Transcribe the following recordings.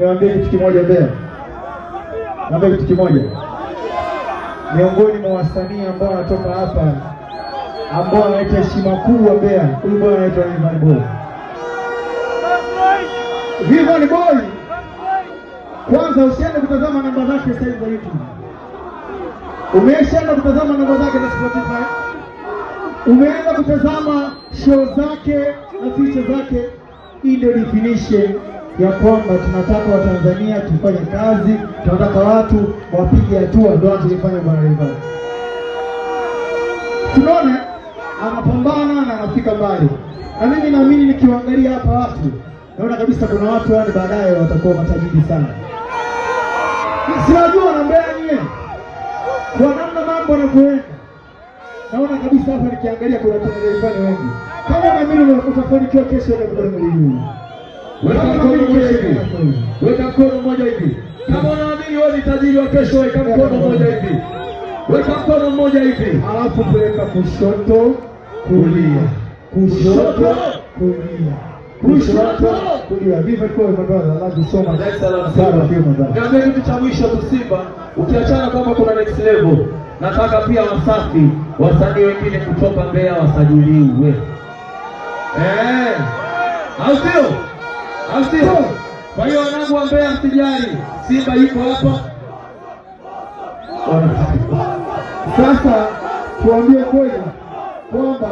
niwaambie kitu kimoja Mbeya, niwaambie kitu kimoja. Miongoni mwa wasanii ambao wanatoka hapa ambao wanaleta heshima kubwa Mbeya, huyu bwana anaitwa Rayvanny Boy. Rayvanny Boy, kwanza usiende kutazama namba zake sasa hivi YouTube. Umeshaenda kutazama namba zake za Spotify, umeenda kutazama show zake na feature zake. Hii ndio definition ya kwamba tunataka Watanzania tufanye kazi, tunataka watu wapige hatua, ndio anachokifanya Bwana Rayvanny. Tunaona anapambana na anafika mbali, na mimi naamini nikiwaangalia hapa watu naona kabisa kuna watu yani baadaye watakuwa matajiri sana. Siwajua na nyie, kwa namna mambo yanavyoenda, naona kabisa hapa nikiangalia kuna Watanzania wengi kama na mimi utafanikiwa kesho ya mdomo weka mkono mmoja hivi, weka mkono mmoja hivi. Kama unaamini wewe ni tajiri wa kesho, weka mkono mmoja hivi, weka mkono mmoja hivi, alafu peleka kushoto, kulia, kushoto, kulia, kushoto, kulia. Vive kwa mabara la kusoma sana kitu cha mwisho tu, Simba ukiachana kwamba kuna next level, nataka pia Wasafi wasanii wengine kutoka Mbeya wasajiliwe, eh, au sio? au sio? Kwa hiyo wanangu wa Mbeya, msijali, Simba yuko hapa. Sasa tuambie kweli kwamba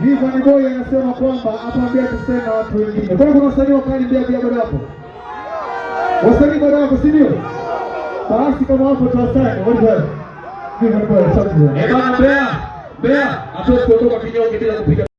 hivyo ni boy anasema kwamba hapa Mbeya tuseme na watu wengine, kwani kuna wasanii wakali Mbeya pia bado hapo? Wasanii bado hapo, si ndio? Basi kama hapo tuwasani bana Mbeya, Mbeya hatuwezi kuondoka kinyonge bila kupiga